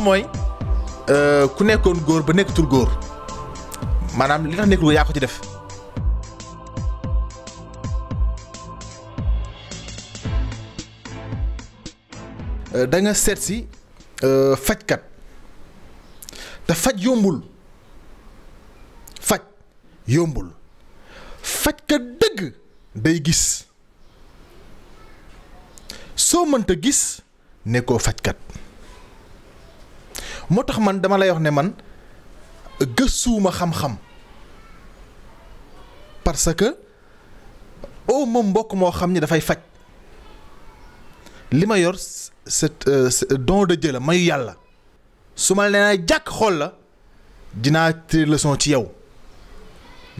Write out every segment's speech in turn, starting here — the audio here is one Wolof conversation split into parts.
mooy euh, ku nekkoon góor ba nekkatul góor maanaam li tax nekkul góor yaa ko ci def. Euh, da nga seet si euh, fajkat te faj yombul faj yombul fajkat dëgg day gis soo mënta gis nekkoo fajkat. moo tax man dama lay wax ne man gëstuwuma xam-xam parce que au oh, moom mbokk moo xam ni dafay faj li ma yor euh, c'est don de Dieu la mayu yàlla su ma nee jàkk xool la dinaa tirer leçon ci yow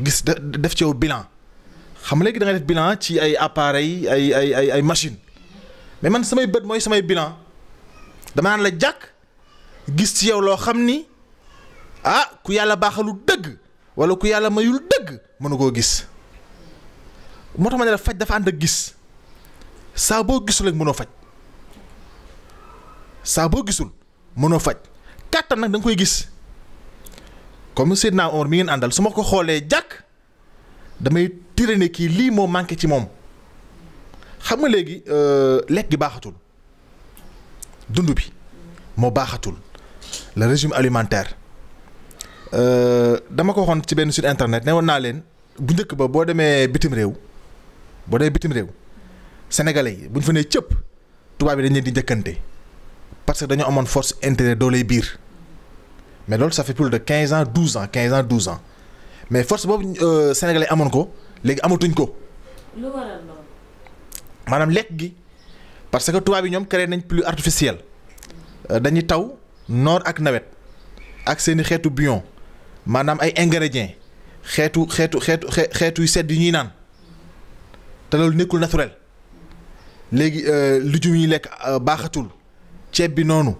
gis def ci yow bilan xam léegi da nga def bilan ci ay appareil ay ay ay ay machine mais man samay bët mooy samay bilan dama naan la jàkk gis ci yow loo xam ni ah ku yàlla baaxalu dëgg wala ku yàlla mayul dëgg mënu koo gis moo tax ma ne la faj dafa ànd ak gis saa boo gisul rek mënoo faj saa gisul mënoo faj kàttan nag da koy gis comme naa Omar mi ngeen àndal su ma ko xoolee jàkk damay tiré ne kii lii moo manqué ci moom xam nga léegi euh, lekk gi baaxatul dund bi moo baaxatul le régime alimentaire. Je euh, suis sur internet. Je suis allé sur le internet. Je suis allé sur le Sénégalais, si vous venez tout le monde va Parce que nous avons une force intérieure dans les bires. Mais l'autre ça fait plus de 15 ans, 12 ans. 15 ans, 12 ans. Mais force euh, Sénégalais, nous avons une force. Nous avons une force. Madame Lek, parce que tout le monde est créé plus artificiel euh, Nord ak nawet ak seen xeetu ay ingrédients xeetu xeetu xeetu xeetu yu sedd yu ñuy naan te naturel léegi euh, yi lekk euh, baaxatul ceeb bi noonu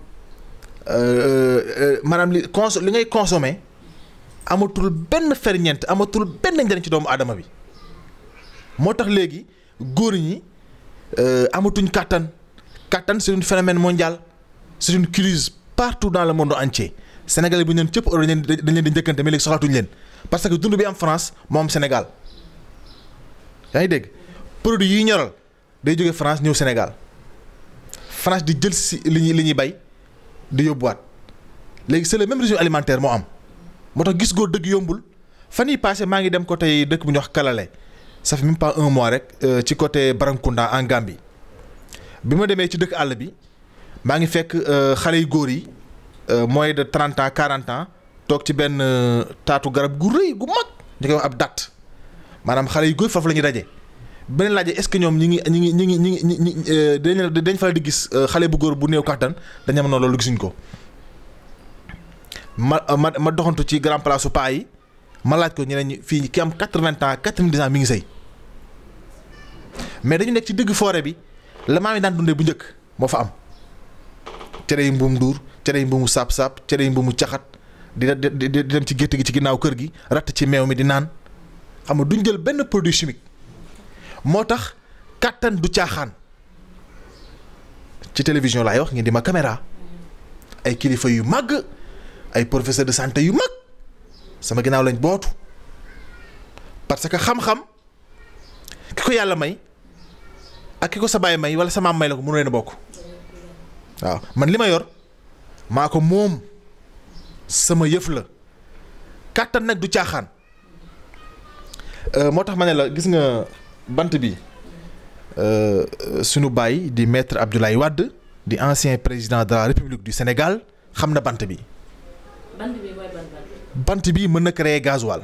euh, maanaam li cons li ngay consommer amatul benn ferñeent amatul benn ci doomu aadama bi moo amatuñ c'est une phénomène mondial c'est une crise partout dans le monde entier sénégalais bu ñu leen cëpp euro dañ leen di njëkkante mais léegi soxlaatuñu leen parce que dund bi am France moo am Sénégal yaa ngi dégg produit yi ñoral day jóge France ñëw Sénégal France di jël si li ñuy li ñuy bay di yóbbuwaat léegi c'est le même régime alimentaire moo am moo tax gis góor dëgg yombul fan yi passé maa ngi dem ko tey dëkk bu ñu wax Kalale ça fait même pas un mois rek euh, ci côté Barankounda en Gambie bi ma demee ci dëkk àll bi. maa ngi fekk euh, xale yu góor yi euh, moins de 30 ans 40 ans tok ci ben euh, taatu garab gu reuy gu mag ñu koy wax ab date manam xale yu góor fofu lañu dajé daje beneen est-ce ñom ñi ngi ñi ngi ñi ngi ñi ngi dañ fa di gis xale bu góor bu neew kattan dañ am noonu loolu gisuñ ko ma ma doxantu ci grand place pa yi ma laaj ko ñeneen fi ki am 80 ans 90 ans mi ngi sey mais dañu nek ci deug forêt bi la maam yi daan dundee bu ñëk mo fa am téré yi mbuum duur cere yi mbuumu saap saap cere yi di di di dem ci gétt gi ci ginnaaw kër gi rat ci meew mi di naan xam nga duñ jël benn produit chimique motax katan du chaxan ci télévision lay wax ngeen di ma caméra ay kilifa yu mag, ay professeur de santé yu mag sama ginnaaw lañ botu parce que xam-xam Kiko yalla may ak kiko sa baye may wala sa mam may la mënu bokku waaw man li ma yor maa ko moom sama yëf la kàttan nag du caaxaan euh, moo tax ma ne la gis nga bant bi euh, sunu baay di maître Abdoulaye Wade di ancien président da la République du Sénégal xam na bant bi. bant bi mën na créer gasoil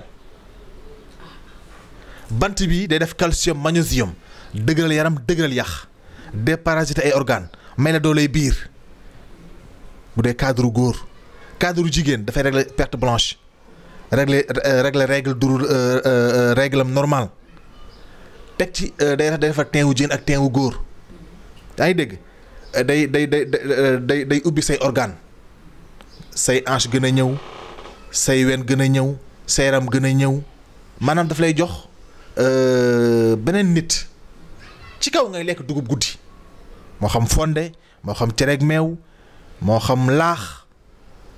bant bi day def calcium magnésium dëgëral yaram dëgëral yax déparasiter ay organes may la dooley biir. bu dee cadre góor cadre jigéen dafay régler perte blanche régler euh, régler règle du euh, euh, règle am normal teg ci day day defar teint jigéen ak teint góor yaa ngi dégg day day day day day ubbi say organe say hanche gën a ñëw say wen gën a ñëw say yaram gën a ñëw maanaam daf lay jox beneen nit ci kaw ngay lekk dugub guddi moo xam fonde moo xam cereeg meew mo xam laax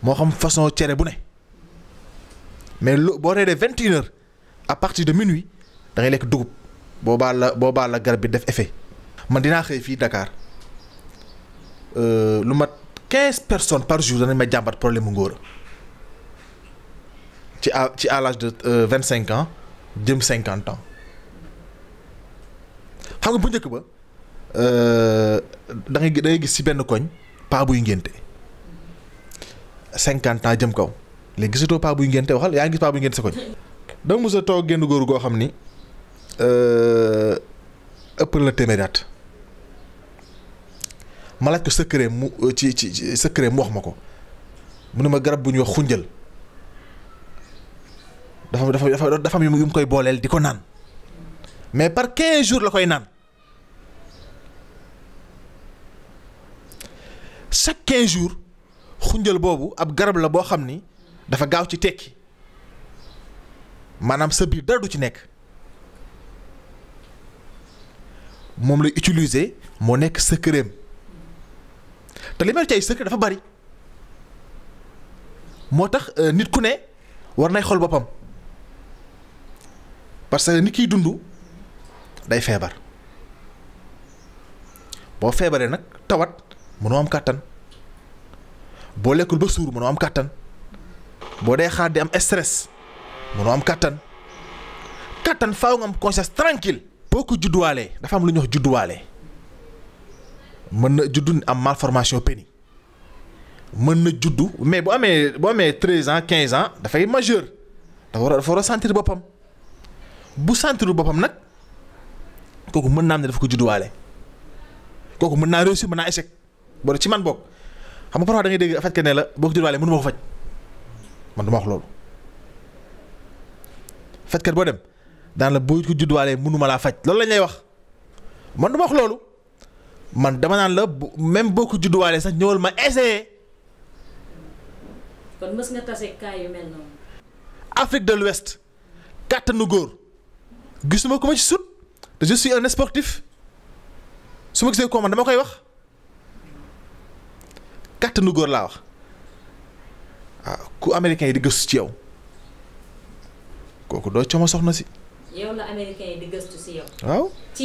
mo xam façon faire bu ne mais lu boo 21 à partir de minuit da ngay lekk dugub Je la boobaa la garab bi def effet man dina xey Il Dakar euh, lu mat personnes par jour dañ ma problème ngor ci à l'âge de 25 euh, ans j'ai 50 ans xam nga euh, da ngay da ngay paa buy ngénte cinquante ans jëm kaw léegi gisatoo paa buy ngénte waxal yaa ngi gis paa buy ngénte sa koñ dama mos toog génn góor goo xam ni euh, ëpp na la téeméeri at ma laaj ko secret mu ci ci secret mu wax ma ko mu ne ma garab bu ñuy wax xunjal dafa dafa dafa dafa am yu mu koy booleel di ko naan mais par quinze jours la koy naan. chaque 15 jours bobu ab garab la bo xamni dafa gaaw ci tekki manam sa biir dara du ci nek mom lay utiliser moo te dafa bari motax euh, nit ku ne war nay parce que nit Dundu day tawat mënoo am katan bo lekul ba suur mënoo am katan bo dee xaar di am stress mënoo am katan katan faaw nga am conscience tranquille boo ko judduwaalee dafa am luñu ñuy wax judduwaale mën juddu am malformation pénis mën na juddu mais bu amé bo amee 13 ans 15 ans da fay majeur da war a dafa war bu sentir bopam nak kooku mën am ne dafa ko judduwaale kooku mën naa réussir mën échec. ba ci man book xam nga parfois da ngay dégg fajkat ne la boo ko jurwaale mënu ma ko faj man du wax loolu fajkat boo dem daan la boo ko judduwaalee mënu laa faj loolu lañ lay wax man du wax loolu man dama naan la même boo ko judduwaalee sax ñëwal ma essayer. kon Afrique de l'Ouest kàttanu góor gisuma ko ma ci sut te je suis sportif su ma gisee ko man dama koy wax. kàttanu góor laa wax waaw ah, ku américain yi di gëstu ci yow kooku doo coomo soxna si. yow la américain yi di gëstu si yow. waaw ci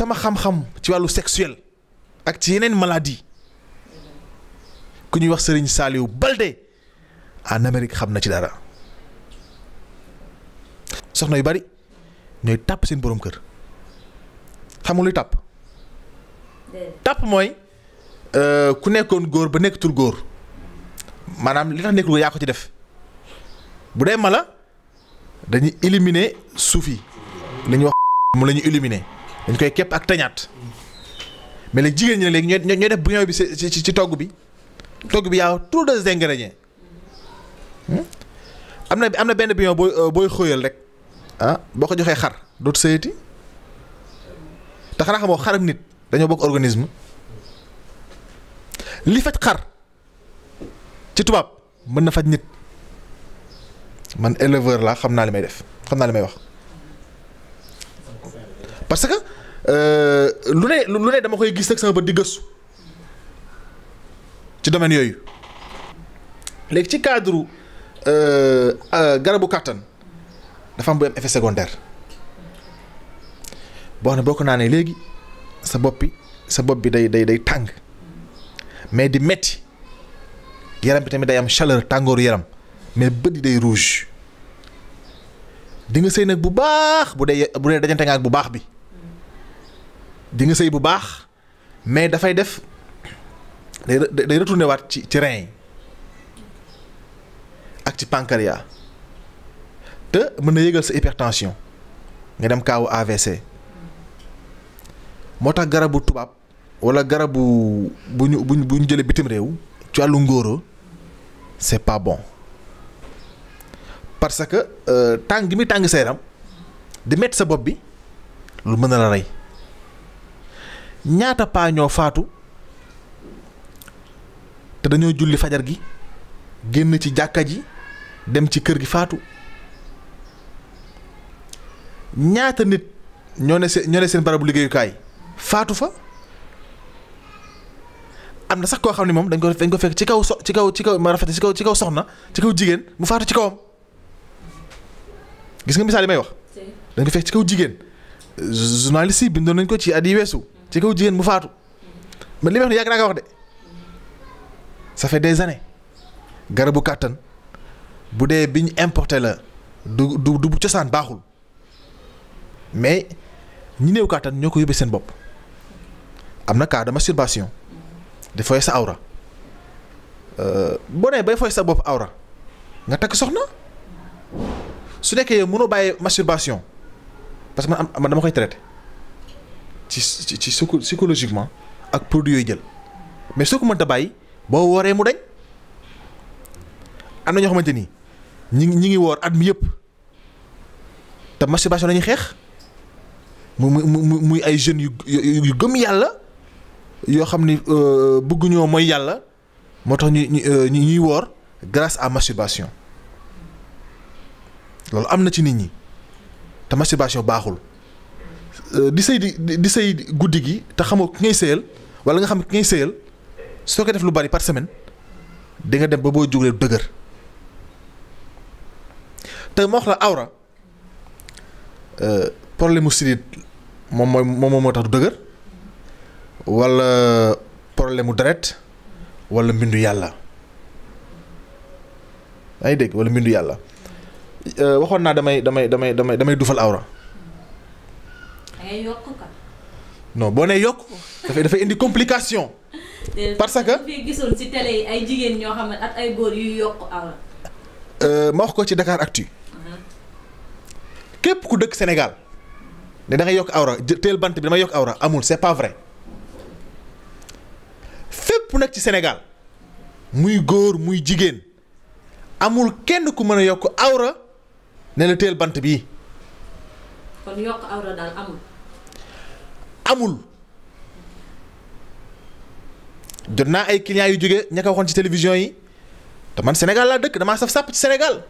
sama xam-xam ci wàllu sexuel ak ci yeneen maladie ku ñuy wax sëriñ Saliou Balde en Amérique xam na ci dara soxna yu bari ñooy tàpp seen boroom kër xam nga tàpp. tàpp mooy. Euh, ku nekkoon góor ba nekkatul góor maanaam li tax nekkul góor yaa ko ci def bu dee mala dañuy éliminer suuf yi li wax moom la ñuy éliminer dañ koy képp ak tañaat mais léegi jigéen ñi ne léegi ñooy ñooy def bouillon bi ci ci togg bi togg bi yaa trop des ingrédients hmm? am na am na benn bouillon booy euh, booy xóoyal rek ah boo ko joxee xar dootu sëyati te xanaa xamoo xaram nit dañoo bokk organisme. li faj xar ci tubaab mën na faj nit man éleveur laa xam naa li may def xam naa li may wax parce que euh, lu ne lu ne dama koy gis rek sama bët di gëstu ci domaine yooyu léegi ci cadre euh, euh, garabu kàttan dafa am bu am effet secondaire boo xam ne boo ko naanee léegi sa boppi sa bopp bi day day day tàng. mais di metti yaram bi tamit day am chaleur tàngooru yaram mais day rouge di nga sey nak bu baax bu day bu dajante bi mais fay def day retourner wat ci ci ak pancréas te sa hypertension nga dem AVC wala garabu bu ñu bu bu ñu jëlee bitim réew ci wàllu ngóoro c'est pas bon parce que euh, tàng gi muy tàng sa yaram di metti sa bopp bi lu mën na la rey ñaata paañoo faatu te dañoo julli fajar gi génn ci jàkka ji dem ci kër gi faatu ñaata nit ñoo ne seen ñoo ne seen barabu liggéeyukaay faatu fa. am na sax koo xam ne moom dañ ko dañ ko fekk ci kaw so ci kaw ci kaw ma rafet ci kaw ci kaw soxna ci kaw jigéen mu faatu ci kawam gis nga misaal yi may wax. dañ ko fekk ci kaw jigéen journaliste bi bindoon nañ ko ci at yi weesu ci kaw jigéen mu faatu man li may wax ne wax de des années garabu kàttan bu dee bi ñu importé la du du du cosaan baaxul mais ñi néew kàttan ñoo ko yóbbee seen bopp am na cas de surbation di fooy sa awra euh, boo nee bay fooy sa bopp awra nga takk soxna su nekkee yow mënoo bàyyi masturbation parce que man am man dama koy traité ci ci ci psychologiquement ak produit yooyu jël mais soo ko mënta bàyyi boo wooree mu dañ am na ñoo xamante ni ñi ngi ñi ngi woor at mi yëpp te masturbation lañu xeex mu mu mu muy ay jeunes yu yu gëm yàlla. yoo xam ni euh, bëgguñoo mooy yàlla moo tax ñu ñu euh, ñuy woor grace à masturbation loolu am na ci nit ñi te masturbation baaxul euh, di sëy di di sëy guddi gi te xamoo ki ngay sëyal wala nga xam ki ngay sëyal soo ko def lu bari par semaine di nga dem ba boo jóglee dëgër te ma wax la awra problème mu sidit moom moom moom moo tax du dëgër. wala problème mu deret wala mbindu yàlla ay dégg wala mbindu yàlla euh, waxoon naa damay damay damay damay damay dufal awra. yokk ko. non boo nee yokk dafay dafay indi complication. Euh, parce que ay jigéen ñoo xam ay góor yuy yokk euh, ma wax ko ci Dakar Actu. Uh-huh. képp ku dëkk Sénégal ne da yokk awra teel bant bi damay yokk awra amul c'est pas vrai. ñëpp nag ci Sénégal muy góor muy jigéen amul kenn ku mën a yokk awra ne la teel bant bi kon yokk awra daal amul. amul jot naa ay clients yu jóge ña waxoon ci télévision yi te man Sénégal laa dëkk damaa saf sàpp ci senegal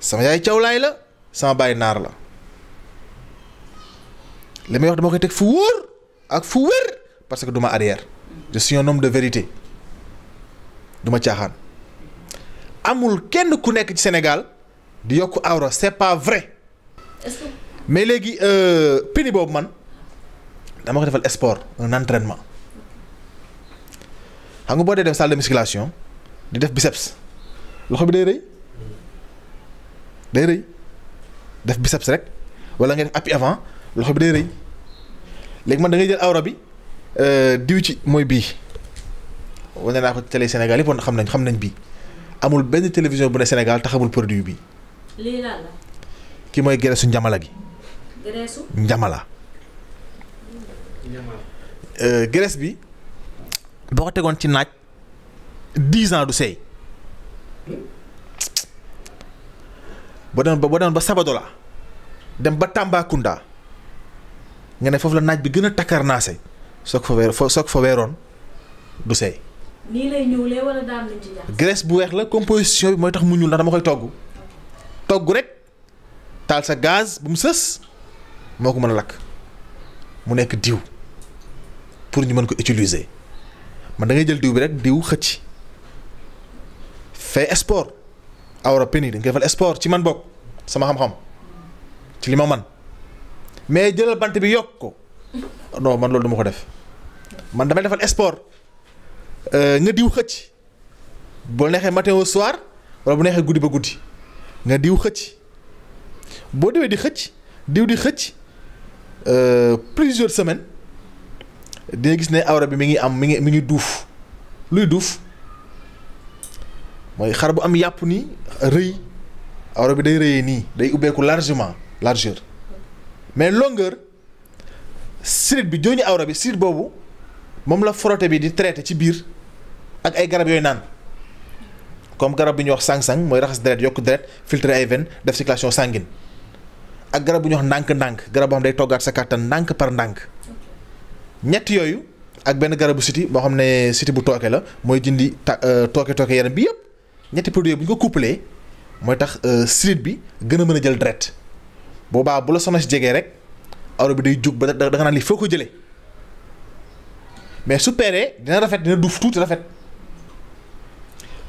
sama yaay cawlaay la sama baay naar la li may wax dama koy teg fu wóor ak fu wér parce que duma ma je suis un homme de vérité du ma caaxaan amul kenn ku nekk ci Sénégal di yokk awra c'est pas vrai. mais léegi euh, pini boobu man dama ko defal sport un entraînement xam nga boo dee dem salle de musculation di def biceps loxo bi day rëy day rëy def biceps rek wala nga def appui avant loxo bi day rëy léegi man da ngay jël awra bi. Euh, diw ci mooy bii wane naa ko télé Sénégal yëpp xam nañ xam nañ bii amul benn télévision bu ne Sénégal taxamul produit bi lii lan la. ki mooy gereesu njamala gi. njamala. njamala. Euh, gerees bi boo ko tegoon ci naaj dix ans du seey. ba doon ba ba doon ba Sabadola dem ba Tambacounda nga ne foofu la naaj bi gën a naa takkarnaase soo ko fa soo ko fa weeroon du seey. nii bu weex la composition bi mooy tax mu ñuul ndax dama koy togg togg rek taal sa gaz bu mu sës moo ko mën a lakk mu nekk diw pour ñu mën ko utiliser man da ngay jël diw bi rek diw xëcc fay sport awra peni dañ koy defal sport ci man bokk sama xam-xam ci li ma man mais jëlal bant bi yokk ko. non man loolu duma ko def man damay defal sport euh, nga diw xëcc boo neexee matin au soir bu neexee guddi ba guddi nga diw xëcc boo diwee di xëcc diw di xëcc euh, plusieurs semaines dina gis ne awra bi mi ngi am mi ngi mi ngi duuf luy duuf mooy xar bu am yàpp nii rëy awra bi day rëyee nii day ubbeeku largement largeur mais longueur. sirit bi joni awra bi sirit bobu mom la frotté bi di traité ci bir ak ay garab yoy nan comme garab bi ñu wax sang-sang moy raxas deret yok deret filtre ay veine def circulation sanguine ak garab bu ñu wax ndànk-ndànk garab boo xam day toggaat sa carte par ñet yoyu ak ben garabu bu city bo ne city bu toké la moy jindi toké euh, toké tooke yaram bi yépp ñet produit bu ñu ko coupler moy tax euh, sirit bi gëna mëna jël deret boba bu la jégué rek awra bi day jug ba da nga naan foko jele mais su dina rafet dina duuf tout rafet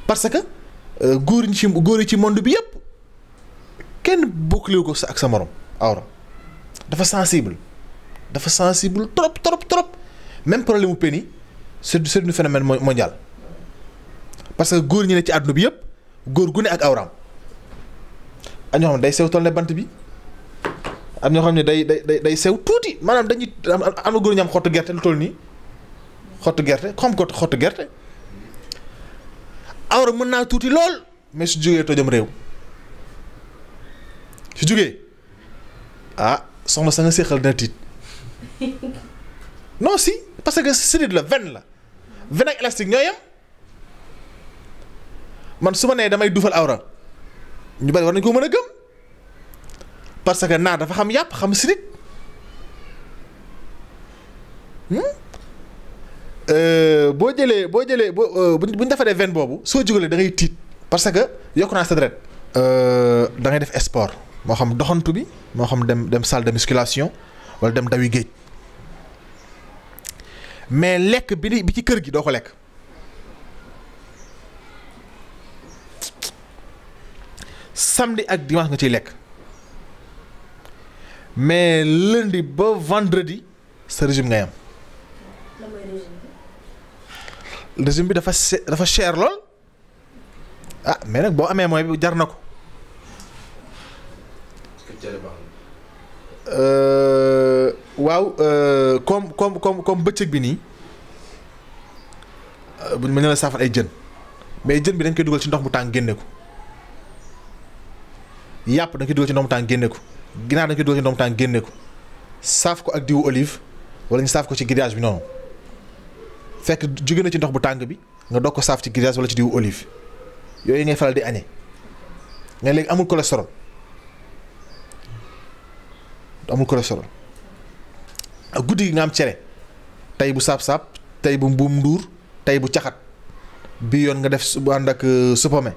parce que euh, goor ñi ci goor ci monde bi yëpp kenn bokkliwu ko sa ak sa morom awra dafa sensible dafa sensible trop trop trop même problème peni c'est c'est un phénomène mondial parce que goor ñi ne ci àdduna bi yëpp goor gu ak awram day sew toll bant bi am ñoo xam ne day day day sew tuuti maanaam dañuy am na góor ñu am xottu gerte lu toll nii xottu gerte xam ko xottu gerte awra mën naa tuuti lool mais su jógee tojam réew su jógee ah soxna sa nga séqal dina tiit non si parce que sidit la veine la veine ak élastique ñoo yem man su ma nee damay duufal awra ñu bari war nañ ko mën a gëm. parce que naar dafa xam yàpp xam sirit hmm? euh, boo jëlee boo jëlee boo euh, bu ñu defaree veine boobu soo jugalee dangay ngay tiit parce que yokk naa sa deret euh, da ngay def sport moo xam doxantu bi moo xam dem dem salle de musculation wala dem dawi géej mais lekk bi bi ci kër gi doo ko lekk samedi ak dimanche nga ciy lekk. mais lundi ba vendredi sa régime ngay am. régime bi dafa se dafa cher lool ah mais boo amee mooy bi jar na ko. Euh, waaw euh, comme comme comme comme bëccëg bi nii euh, buñ ma ne la saafal ay jën mais jën bi dañ koy dugal ci ndox mu tàng génne ko yàpp dañ koy dugal ci ndox mu tàng génne ko. ginaar dañ koy dóor ci ndoom tànk génne ko saaf ko ak diwu olive wala ñu saaf ko ci grillage bi noonu fekk jóge na ci ndox bu tàng bi nga doog ko saaf ci grillage wala ci diwu olive yooyu ngay faral di añee mais léegi amul cholestérol amul cholestérol ak guddi gi nga am cere tey bu saab-saab tey bu mbuum nduur tey bu caxat bi yoon nga def bu ànd ak euh, supame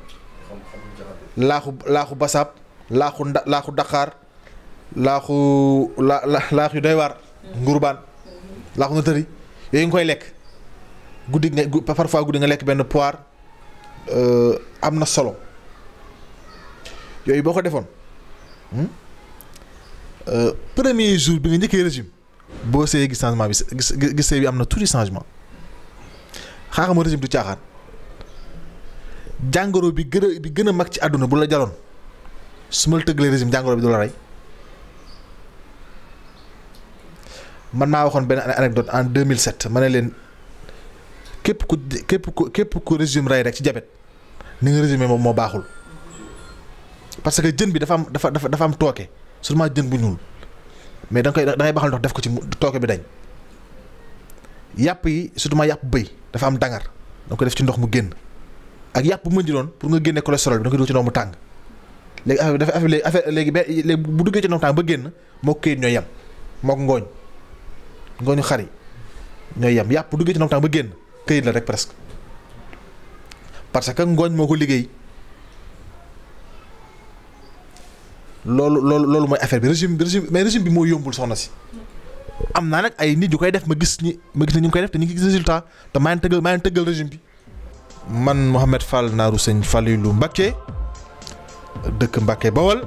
laaxu laaxu basaab laaxu nda laaxu daqaar laaxu la la laax yu doy waar. Mm-hmm. ngurbaan mm-hmm. laaxu na tëri yooyu nga koy lekk guddi nga parfois guddi nga lekk benn poire euh, am na solo yooyu boo ko defoon hmm, euh, premier jour bi nga njëkkee régime boo seeyee gis changement bi gis gis bi am na tuuti changement xaaxama régime du caaxaan jàngoro bi gën a bi gën a mag ci àdduna bu la jaloon su ma la tëggalee régime jàngoro bi du la rey. man naa waxoon benn anecdote en 2007 ma ne leen képp ku képp ku képp ku régime rey rek ci jabet ni nga régime moom moo baaxul parce que jën bi dafa am dafa dafa dafa am tooke seulement jën bu ñuul mais da koy da ngay baxal ndox def ko ci tooke bi dañ yàpp yi surtout ma yàpp bëy dafa am dangar da ko def ci ndox mu génn ak yàpp bu mu di doon pour nga génne cholestérol bi da nga koy dugg ci ndox mu tàng léegi affaire bi dafa affaire léegi affaire léegi bu duggee ci ndox mu tàng ba génn moo ko këyit ñooy yem moo ko ngooñ ngooñu xar yi ñooy yem yàpp duggee ci ndox ba génn këyit la rek presque parce que ngooñ moko ko liggéey loolu loolu loolu affaire bi régime régime mais régime bi mo yombul soxna ci am nak ay nit yu koy def ma gis ni ma gis ni ñu ngi koy def te ni gis résultat te ma ma régime bi. man mohammed Fall naru seigne fallilu Mbacké deuk Mbacké Bawal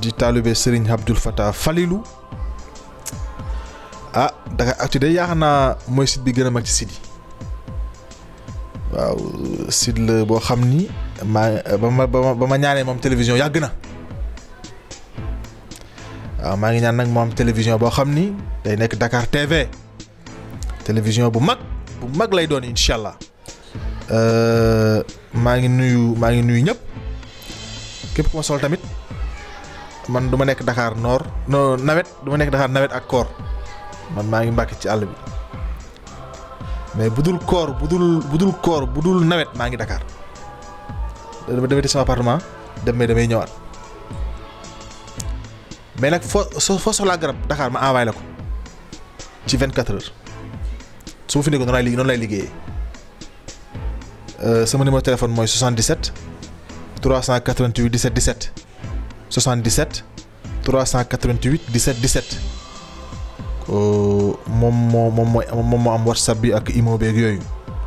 di taalibe Serigne Abdoul Fatah fallilu ah Dakaractu de yaakaar naa mooy site bi gën a mag ci site yi waaw site la boo xam ni maa ba ma ba ma ñaanee moom télévision yàgg na waaw maa ngi ñaan nag moom télévision boo xam ni day nekk Dakar TV télévision bu mag bu mag lay doon incha allah euh, maa ngi nuyu maa ngi nuyu ñëpp képp ku ma sol tamit man duma nekk Dakar noor no nawet du nekk Dakar nawet ak koor. man maa ngi mbàkke ci àll bi mais bu dul koor bu dul bu dul koor bu dul nawet maa ngi dakaar dama demati sama appartement dem mais damay ñëwaat mais nag foo foo soxlaa garab Dakar ma envoyé la ko ci vingt quatre heures su ma fi nekkoon noonu lay noonu lay liggéeyee euh, sama numéro téléphone mooy 77 388 17 17 77 388 17 17. Uh, moom moo moom mooy moom moo am whatsapp bi ak imo beeg yooyu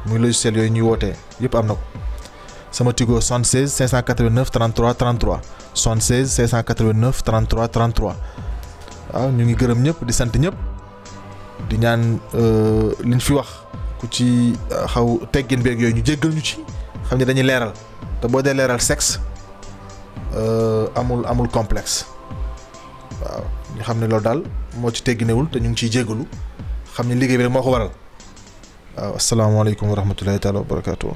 muy logiciel yooyu ñuy wootee yëpp am na ko sama tigo 76 589 33 33 76 589 33 33 waaw ñu ngi gërëm ñëpp di sant ñëpp di ñaan uh, liñ fi wax ku ci uh, xaw teggin beeg yooyu ñu jéggal ñu ci dañuy sexe amul amul complexe waaw ñu xam ne loolu daal moo ci tegginewul te ñu ngi ciy jégalu xam ne liggéey bi moo ko waral waaw asalaamaaleykum wa rahmatullahi taala wa barakaatu.